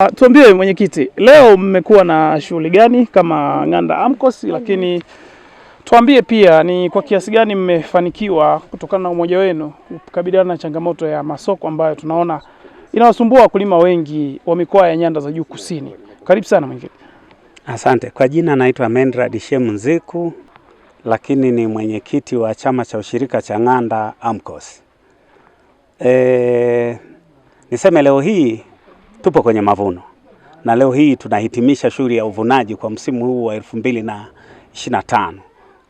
Ah, tuambie mwenyekiti, leo mmekuwa na shughuli gani kama Ng'anda AMCOS, lakini tuambie pia ni kwa kiasi gani mmefanikiwa kutokana na umoja wenu kukabiliana na changamoto ya masoko ambayo tunaona inawasumbua wakulima wengi wa mikoa ya nyanda za juu kusini. Karibu sana mwenyekiti. Asante. Kwa jina naitwa Mendrad Shemu Nziku, lakini ni mwenyekiti wa chama cha ushirika cha Ng'anda AMCOS. E, niseme leo hii tupo kwenye mavuno na leo hii tunahitimisha shughuli ya uvunaji kwa msimu huu wa tano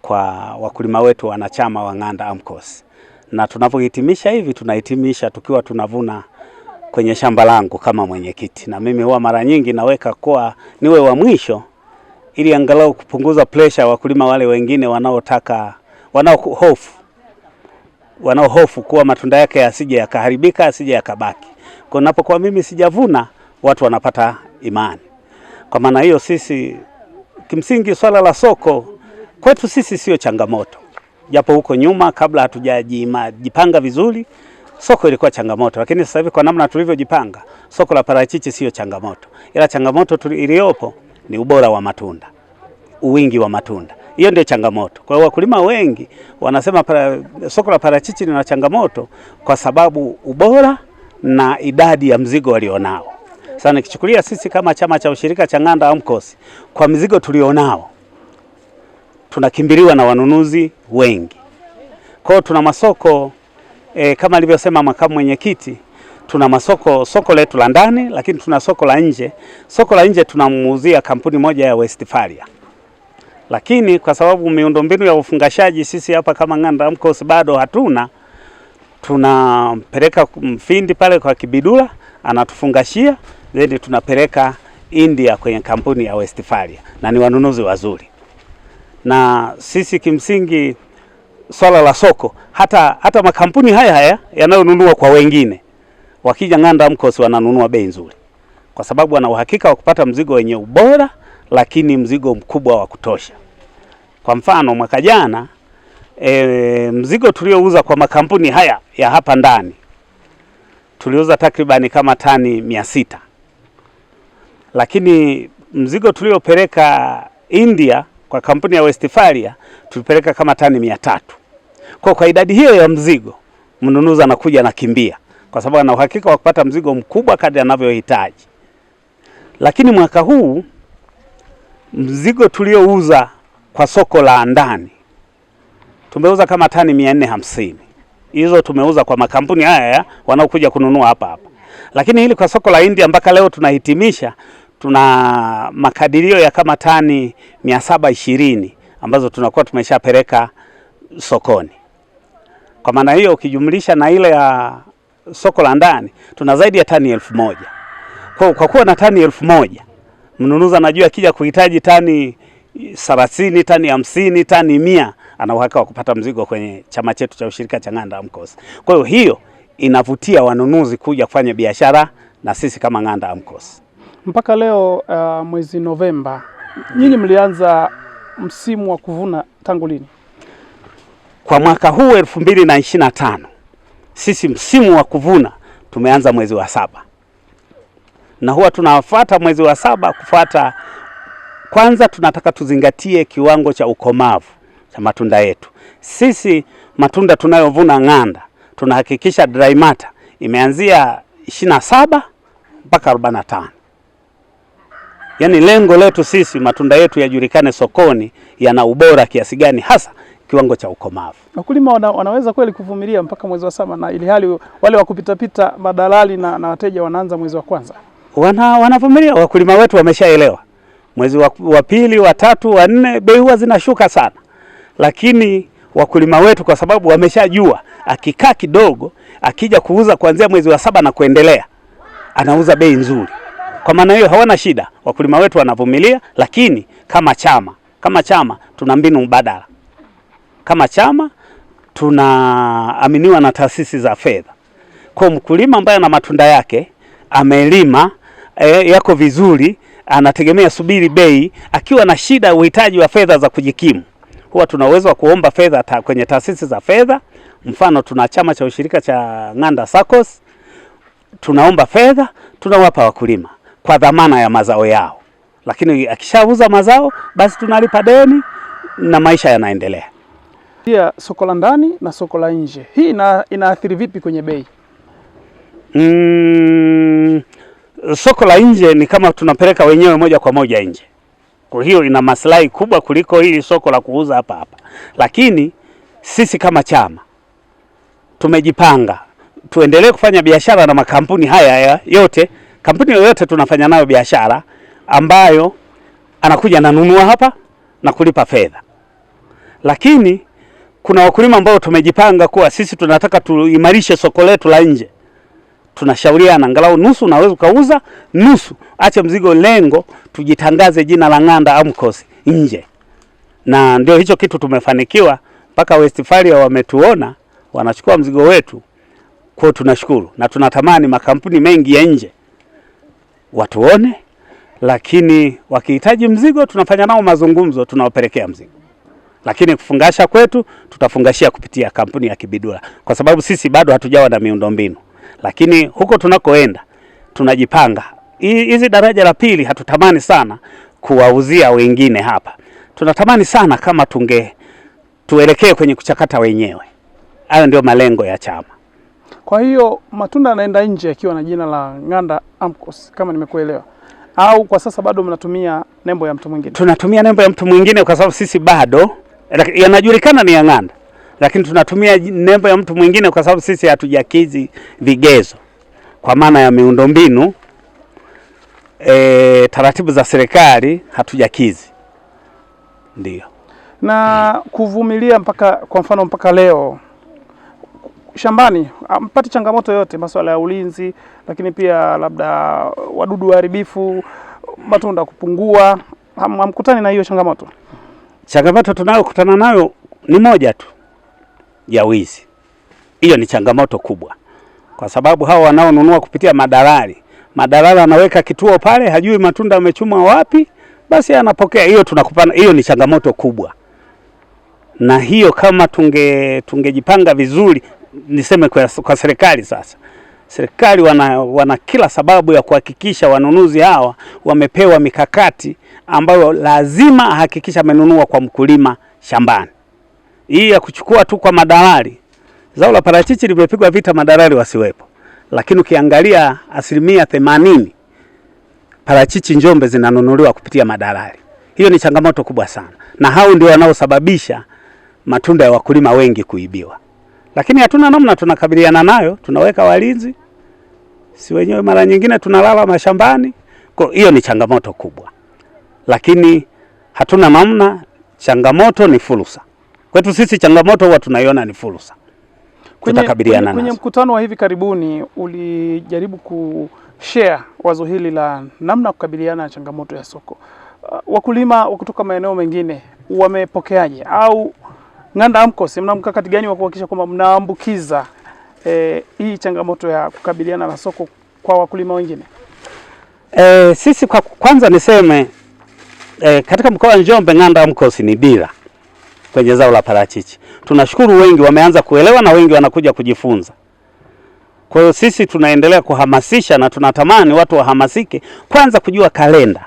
kwa wakulima wetu wanachama wa Ng'anda AMCOS, na tunapohitimisha hivi tunahitimisha tukiwa tunavuna kwenye shamba langu kama mwenyekiti, na mimi huwa mara nyingi naweka kuwa niwe wa mwisho ili angalau kupunguza presha wakulima wale wengine wanaotaka wanaohofu wanaohofu kuwa matunda yake yasije yakaharibika, asije yakabaki. Kwa napokuwa mimi sijavuna, watu wanapata imani. Kwa maana hiyo, sisi kimsingi, swala la soko kwetu sisi sio changamoto, japo huko nyuma kabla hatujajipanga vizuri soko ilikuwa changamoto, lakini sasa hivi kwa namna tulivyojipanga, soko la parachichi sio changamoto, ila changamoto iliyopo ni ubora wa matunda, uwingi wa matunda. Hiyo ndio changamoto. Kwa hiyo wakulima wengi wanasema para, soko la parachichi lina changamoto kwa sababu ubora na idadi ya mzigo walionao. Sasa nikichukulia sisi kama chama cha ushirika cha Ng'anda AMCOS, kwa mzigo tulionao tunakimbiliwa na wanunuzi wengi. Kwa hiyo tuna masoko e, kama alivyosema makamu mwenyekiti, tuna masoko, soko letu la ndani, lakini tuna soko la nje. Soko la nje tunamuuzia kampuni moja ya Westfalia, lakini kwa sababu miundombinu ya ufungashaji sisi hapa kama Ng'anda AMCOS bado hatuna tunampeleka Mfindi pale kwa Kibidula anatufungashia, then tunapeleka India kwenye kampuni ya Westfalia, na ni wanunuzi wazuri. Na sisi kimsingi swala la soko, hata hata makampuni haya haya yanayonunua kwa wengine wakija Ng'anda Mkosi wananunua bei nzuri, kwa sababu wana uhakika wa kupata mzigo wenye ubora, lakini mzigo mkubwa wa kutosha. Kwa mfano mwaka jana e, mzigo tuliouza kwa makampuni haya ya hapa ndani tuliuza takribani kama tani mia sita lakini mzigo tuliopeleka India kwa kampuni ya Westfalia tulipeleka kama tani mia tatu. Kwa kwa idadi hiyo ya mzigo mnunuzi anakuja anakimbia, kwa sababu ana uhakika wa kupata mzigo mkubwa kadri anavyohitaji. Lakini mwaka huu mzigo tuliouza kwa soko la ndani tumeuza kama tani mia nne hamsini hizo tumeuza kwa makampuni haya wanaokuja kununua hapa hapa, lakini hili kwa soko la India mpaka leo tunahitimisha, tuna makadirio ya kama tani mia saba ishirini ambazo tunakuwa tumeshapeleka sokoni. Kwa maana hiyo ukijumlisha na ile ya soko la ndani tuna zaidi ya tani elfu moja. Kwa, kwa kuwa na tani elfu moja mnunuzi anajua akija kuhitaji tani thelathini, tani hamsini, tani mia ana uhakika wa kupata mzigo kwenye chama chetu cha ushirika cha Ng'anda AMCOS. Kwa hiyo hiyo inavutia wanunuzi kuja kufanya biashara na sisi kama Ng'anda AMCOS. Mpaka leo uh, mwezi Novemba, nyinyi mlianza msimu wa kuvuna tangu lini? Kwa mwaka huu elfu mbili na ishirini na tano sisi msimu wa kuvuna tumeanza mwezi wa saba, na huwa tunafuata mwezi wa saba kufuata. Kwanza tunataka tuzingatie kiwango cha ukomavu cha matunda yetu. Sisi matunda tunayovuna Ng'anda tunahakikisha dry matter imeanzia 27 mpaka 45. Yaani lengo letu sisi matunda yetu yajulikane sokoni yana ubora kiasi gani hasa kiwango cha ukomavu. Wakulima wana, wanaweza kweli kuvumilia mpaka mwezi wa saba na ili hali wale wa kupitapita madalali na, na wateja wanaanza mwezi wa kwanza wana, wanavumilia. Wakulima wetu wameshaelewa mwezi wa, wa pili wa tatu wa nne bei huwa zinashuka sana lakini wakulima wetu kwa sababu wameshajua akikaa kidogo, akija kuuza kuanzia mwezi wa saba na kuendelea, anauza bei nzuri. Kwa maana hiyo hawana shida, wakulima wetu wanavumilia. Lakini kama chama, kama chama tuna mbinu mbadala, kama chama tunaaminiwa na taasisi za fedha. Kwa mkulima ambaye ana matunda yake amelima e, yako vizuri, anategemea subiri bei, akiwa na shida, uhitaji wa fedha za kujikimu huwa tuna uwezo wa kuomba fedha ta kwenye taasisi za fedha. Mfano, tuna chama cha ushirika cha Ng'anda SACCOS, tunaomba fedha, tunawapa wakulima kwa dhamana ya mazao yao, lakini akishauza mazao basi tunalipa deni na maisha yanaendelea. Pia soko la ndani na soko la nje, hii ina, inaathiri vipi kwenye bei? Mm, soko la nje ni kama tunapeleka wenyewe moja kwa moja nje kwa hiyo ina maslahi kubwa kuliko hili soko la kuuza hapa hapa, lakini sisi kama chama tumejipanga tuendelee kufanya biashara na makampuni haya ya yote. Kampuni yoyote tunafanya nayo biashara ambayo anakuja nanunua hapa na kulipa fedha, lakini kuna wakulima ambao tumejipanga kuwa sisi tunataka tuimarishe soko letu la nje tunashauriana angalau nusu unaweza ukauza nusu, acha mzigo, lengo tujitangaze jina la Ng'anda AMCOS nje, na ndio hicho kitu tumefanikiwa mpaka Westfalia wametuona, wanachukua mzigo wetu. Kwa tunashukuru na tunatamani makampuni mengi ya nje watuone, lakini wakihitaji mzigo tunafanya nao mazungumzo, tunawapelekea mzigo lakini kufungasha kwetu tutafungashia kupitia kampuni ya Kibidula kwa sababu sisi bado hatujawa na miundombinu lakini huko tunakoenda tunajipanga. Hizi daraja la pili hatutamani sana kuwauzia wengine hapa, tunatamani sana kama tunge tuelekee kwenye kuchakata wenyewe. Hayo ndio malengo ya chama. Kwa hiyo matunda yanaenda nje yakiwa na jina la Ng'anda AMCOS kama nimekuelewa, au kwa sasa bado mnatumia nembo ya mtu mwingine? Tunatumia nembo ya mtu mwingine kwa sababu sisi bado yanajulikana ni ya Ng'anda, lakini tunatumia nembo ya mtu mwingine kwa sababu sisi hatujakizi vigezo kwa maana ya miundombinu e, taratibu za serikali hatujakizi ndio na kuvumilia mpaka kwa mfano mpaka leo shambani mpati changamoto yote, masuala ya ulinzi, lakini pia labda wadudu waharibifu, matunda kupungua, hamkutani na hiyo changamoto? Changamoto tunayokutana nayo ni moja tu, ya wizi. Hiyo ni changamoto kubwa, kwa sababu hao wanaonunua kupitia madalali, madalali anaweka kituo pale, hajui matunda amechuma wapi, basi anapokea hiyo. Tunakupana hiyo ni changamoto kubwa, na hiyo kama tunge tungejipanga vizuri, niseme kwa, kwa serikali sasa serikali wana, wana kila sababu ya kuhakikisha wanunuzi hawa wamepewa mikakati ambayo lazima ahakikisha amenunua kwa mkulima shambani hii ya kuchukua tu kwa madalali. Zao la parachichi limepigwa vita, madalali wasiwepo, lakini ukiangalia asilimia themanini parachichi Njombe zinanunuliwa kupitia madalali. Hiyo ni changamoto kubwa sana, na hao ndio wanaosababisha matunda ya wakulima wengi kuibiwa, lakini hatuna namna, tunakabiliana nayo, tunaweka walinzi, si wenyewe, mara nyingine tunalala mashambani. Kwa hiyo ni changamoto kubwa, lakini hatuna namna, changamoto ni fursa. Kwetu sisi changamoto huwa tunaiona ni fursa. Tutakabiliana nazo. Kwenye mkutano wa hivi karibuni ulijaribu kushare wazo hili la namna kukabiliana na changamoto ya soko. Uh, wakulima kutoka maeneo mengine wamepokeaje? Au Ng'anda AMCOS mna mkakati gani wa kuhakikisha kwamba mnaambukiza eh, hii changamoto ya kukabiliana na soko kwa wakulima wengine? Eh, sisi kwa kwanza niseme eh, katika mkoa wa Njombe Ng'anda AMCOS ni dira kwenye zao la parachichi. Tunashukuru wengi wameanza kuelewa na wengi wanakuja kujifunza. Kwa hiyo sisi tunaendelea kuhamasisha na tunatamani watu wahamasike kwanza kujua kalenda,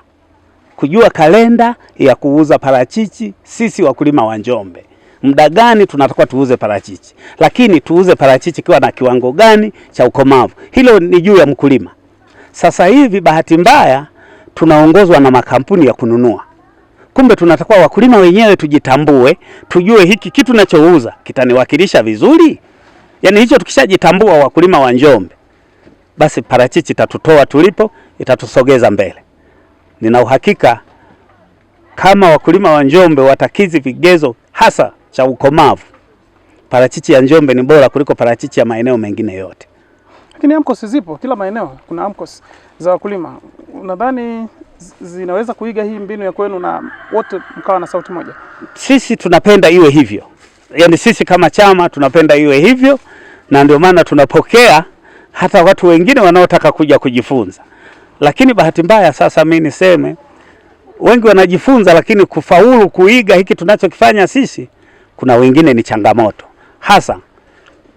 kujua kalenda ya kuuza parachichi. Sisi wakulima wa Njombe, muda gani tunatakiwa tuuze parachichi, lakini tuuze parachichi kiwa na kiwango gani cha ukomavu, hilo ni juu ya mkulima. Sasa hivi bahati mbaya tunaongozwa na makampuni ya kununua Kumbe tunatakuwa wakulima wenyewe tujitambue, tujue hiki kitu nachouza kitaniwakilisha vizuri. Yaani hicho tukishajitambua wakulima wa Njombe, basi parachichi itatutoa tulipo, itatusogeza mbele. Nina uhakika kama wakulima wa Njombe watakizi vigezo hasa cha ukomavu, parachichi ya Njombe ni bora kuliko parachichi ya maeneo mengine yote. Lakini AMCOS zipo kila maeneo, kuna AMCOS za wakulima. Unadhani zinaweza kuiga hii mbinu ya kwenu na wote mkawa na sauti moja? Sisi tunapenda iwe hivyo, yaani sisi kama chama tunapenda iwe hivyo, na ndio maana tunapokea hata watu wengine wanaotaka kuja kujifunza. Lakini bahati mbaya sasa, mimi niseme wengi wanajifunza, lakini kufaulu kuiga hiki tunachokifanya sisi, kuna wengine ni changamoto, hasa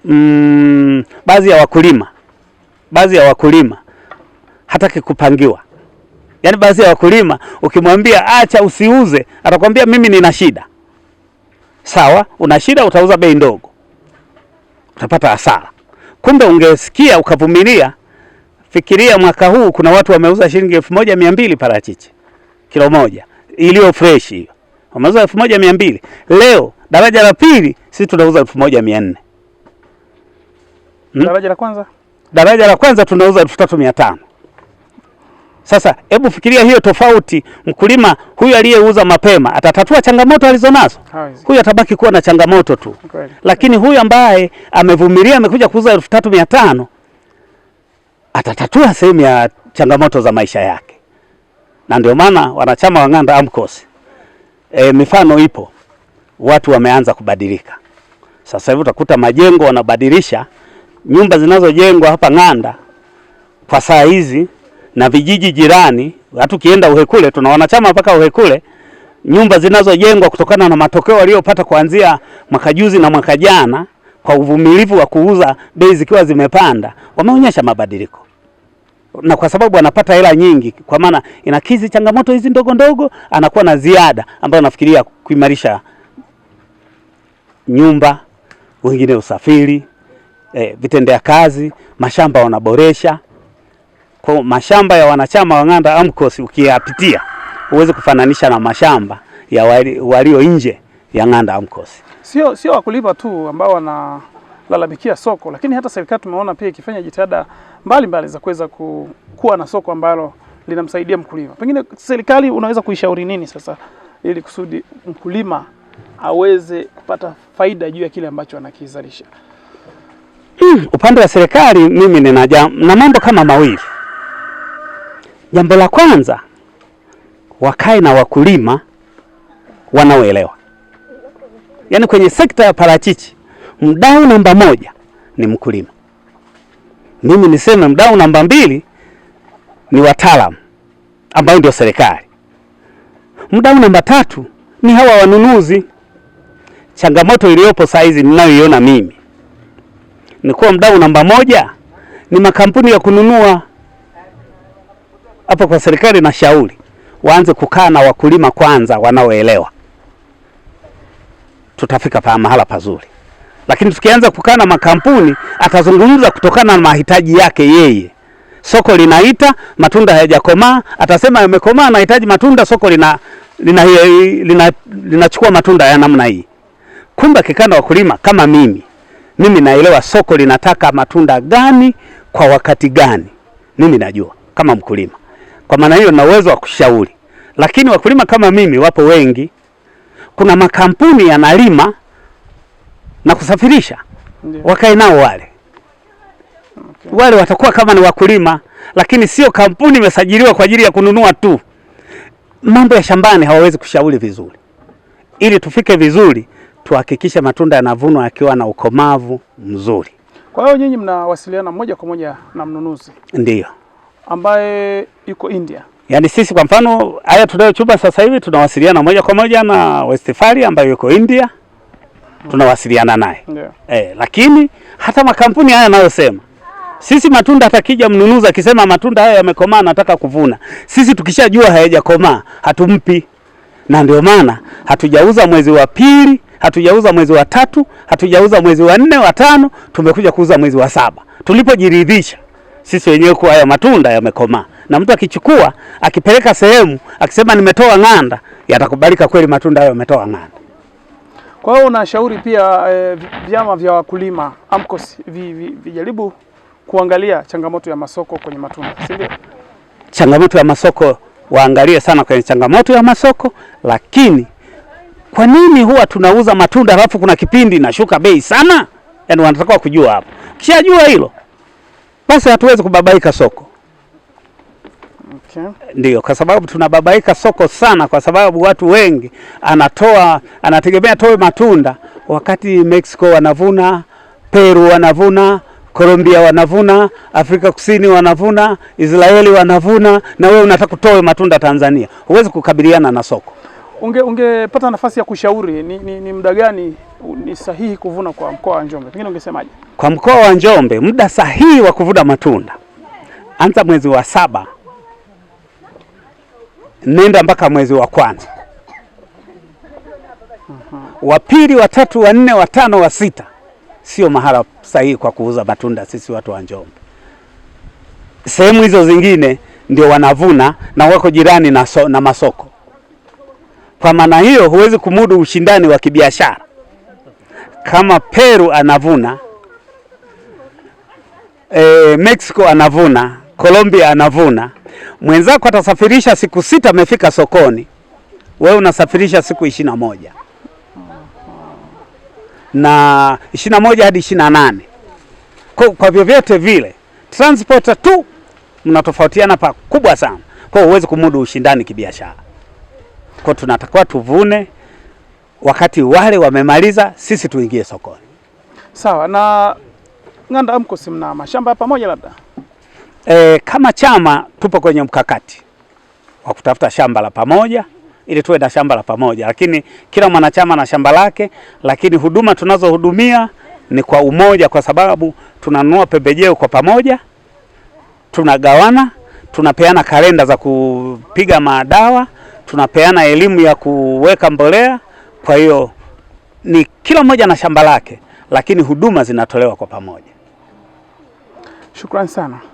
mm, baadhi ya wakulima, baadhi ya wakulima hataki kupangiwa Yaani baadhi ya wakulima ukimwambia acha usiuze, atakwambia mimi nina shida. Sawa, una shida, utauza bei ndogo, utapata hasara. Kumbe ungesikia ukavumilia. Fikiria mwaka huu kuna watu wameuza shilingi elfu moja mia mbili parachichi kilo moja iliyo fresh hiyo, wameuza elfu moja mia mbili Leo daraja la pili sisi tunauza elfu moja mia nne hmm? Daraja la kwanza, daraja la kwanza tunauza elfu tatu mia tano sasa hebu fikiria hiyo tofauti. Mkulima huyu aliyeuza mapema atatatua changamoto alizonazo, huyu atabaki kuwa na changamoto tu okay. Lakini huyu ambaye amevumilia amekuja kuuza elfu tatu mia tano atatatua sehemu ya changamoto za maisha yake, na ndio maana wanachama wa Ng'anda AMCOS e, mifano ipo, watu wameanza kubadilika sasa hivi. Utakuta majengo wanabadilisha nyumba zinazojengwa hapa Ng'anda kwa saa hizi na vijiji jirani. Hata ukienda Uhekule tuna wanachama mpaka Uhekule, nyumba zinazojengwa kutokana na matokeo waliopata kuanzia mwaka juzi na mwaka jana kwa uvumilivu wa kuuza bei zikiwa zimepanda, wameonyesha mabadiliko, na kwa sababu anapata hela nyingi, kwa maana inakizi changamoto hizi ndogo ndogo, anakuwa na ziada ambayo anafikiria kuimarisha nyumba, wengine usafiri, eh, vitendea kazi, mashamba wanaboresha. Kwa mashamba ya wanachama wa Ng'anda AMCOS ukiyapitia uweze kufananisha na mashamba ya walio nje ya Ng'anda AMCOS. Sio, sio wakulima tu ambao wanalalamikia soko, lakini hata serikali tumeona pia ikifanya jitihada mbalimbali za kuweza ku, kuwa na soko ambalo linamsaidia mkulima. Pengine serikali unaweza kuishauri nini sasa ili kusudi mkulima aweze kupata faida juu ya kile ambacho anakizalisha? Mm, upande wa serikali mimi nina na mambo kama mawili Jambo la kwanza wakae na wakulima wanaoelewa, yaani kwenye sekta ya parachichi mdau namba moja ni mkulima. Mimi niseme mdau namba mbili ni wataalamu ambao ndio serikali. Mdau namba tatu ni hawa wanunuzi. Changamoto iliyopo saa hizi ninayoiona mimi ni kuwa mdau namba moja ni makampuni ya kununua hapa kwa serikali na shauri waanze kukaa na wakulima kwanza, wanaoelewa tutafika pa mahala pazuri, lakini tukianza kukaa na makampuni, atazungumza kutokana na mahitaji yake yeye. Soko linaita, matunda hayajakomaa, atasema yamekomaa, nahitaji matunda. Soko lina linachukua lina, lina, lina matunda ya namna hii. Kumbe akikaa na wakulima kama mimi, mimi naelewa soko linataka matunda gani kwa wakati gani, mimi najua kama mkulima. Kwa maana hiyo na uwezo wa kushauri, lakini wakulima kama mimi wapo wengi. Kuna makampuni yanalima na kusafirisha, wakae nao wale okay. Wale watakuwa kama ni wakulima, lakini sio kampuni imesajiliwa kwa ajili ya kununua tu. Mambo ya shambani hawawezi kushauri vizuri. Ili tufike vizuri, tuhakikishe matunda yanavunwa yakiwa na ukomavu mzuri. Kwa hiyo nyinyi mnawasiliana moja kwa moja na mnunuzi? Ndiyo ambaye yuko India. Yaani sisi kwa mfano haya tunayochuma sasa hivi tunawasiliana moja kwa moja na Westfali ambayo yuko India tunawasiliana naye yeah. Eh, lakini hata makampuni haya yanayosema sisi matunda, atakija mnunuzi akisema matunda haya yamekomaa, nataka kuvuna, sisi tukishajua hayajakomaa hatumpi, na ndio maana hatujauza mwezi wa pili, hatujauza mwezi wa tatu, hatujauza mwezi wa nne, wa tano, tumekuja kuuza mwezi wa saba tulipojiridhisha sisi wenyewe kuwa haya matunda yamekomaa, na mtu akichukua akipeleka sehemu akisema nimetoa ng'anda, yatakubalika kweli matunda hayo yametoa ng'anda. Kwa hiyo unashauri pia e, vyama vya wakulima AMCOS vijaribu kuangalia changamoto ya masoko kwenye matunda, si ndio? Changamoto ya masoko waangalie sana kwenye changamoto ya masoko. Lakini kwa nini huwa tunauza matunda halafu kuna kipindi inashuka bei sana? Yaani wanatakiwa kujua hapo, kishajua hilo basi hatuwezi kubabaika soko. Okay. Ndio, kwa sababu tunababaika soko sana, kwa sababu watu wengi anatoa anategemea toe matunda wakati Mexico wanavuna, Peru wanavuna, Colombia wanavuna, Afrika Kusini wanavuna, Israeli wanavuna, na wewe unataka kutoa matunda Tanzania. Huwezi kukabiliana na soko. Unge ungepata nafasi ya kushauri ni, ni, ni muda gani ni sahihi kuvuna kwa mkoa wa Njombe? Pengine ungesemaje? Kwa mkoa wa Njombe muda sahihi wa kuvuna matunda, anza mwezi wa saba nenda mpaka mwezi wa kwanza mhm. wa pili, wa tatu, wa nne, wa tano, wa sita sio mahala sahihi kwa kuuza matunda. Sisi watu wa Njombe, sehemu hizo zingine ndio wanavuna na wako jirani na, so, na masoko kwa maana hiyo huwezi kumudu ushindani wa kibiashara kama Peru anavuna e, Mexico anavuna, Colombia anavuna, mwenzako atasafirisha siku sita, amefika sokoni, wewe unasafirisha siku ishirini na moja na ishirini na moja hadi ishirini na nane kwa, kwa vyovyote vile transporter tu mnatofautiana pakubwa sana, kwa huwezi kumudu ushindani kibiashara. Kwa tunatakiwa tuvune wakati wale wamemaliza, sisi tuingie sokoni. Sawa. Na Ng'anda mko mna mashamba ya pamoja labda? E, kama chama tupo kwenye mkakati wa kutafuta shamba la pamoja ili tuwe na shamba la pamoja, lakini kila mwanachama na shamba lake, lakini huduma tunazohudumia ni kwa umoja, kwa sababu tunanunua pembejeo kwa pamoja, tunagawana, tunapeana kalenda za kupiga madawa tunapeana elimu ya kuweka mbolea. Kwa hiyo ni kila mmoja na shamba lake, lakini huduma zinatolewa kwa pamoja. Shukrani sana.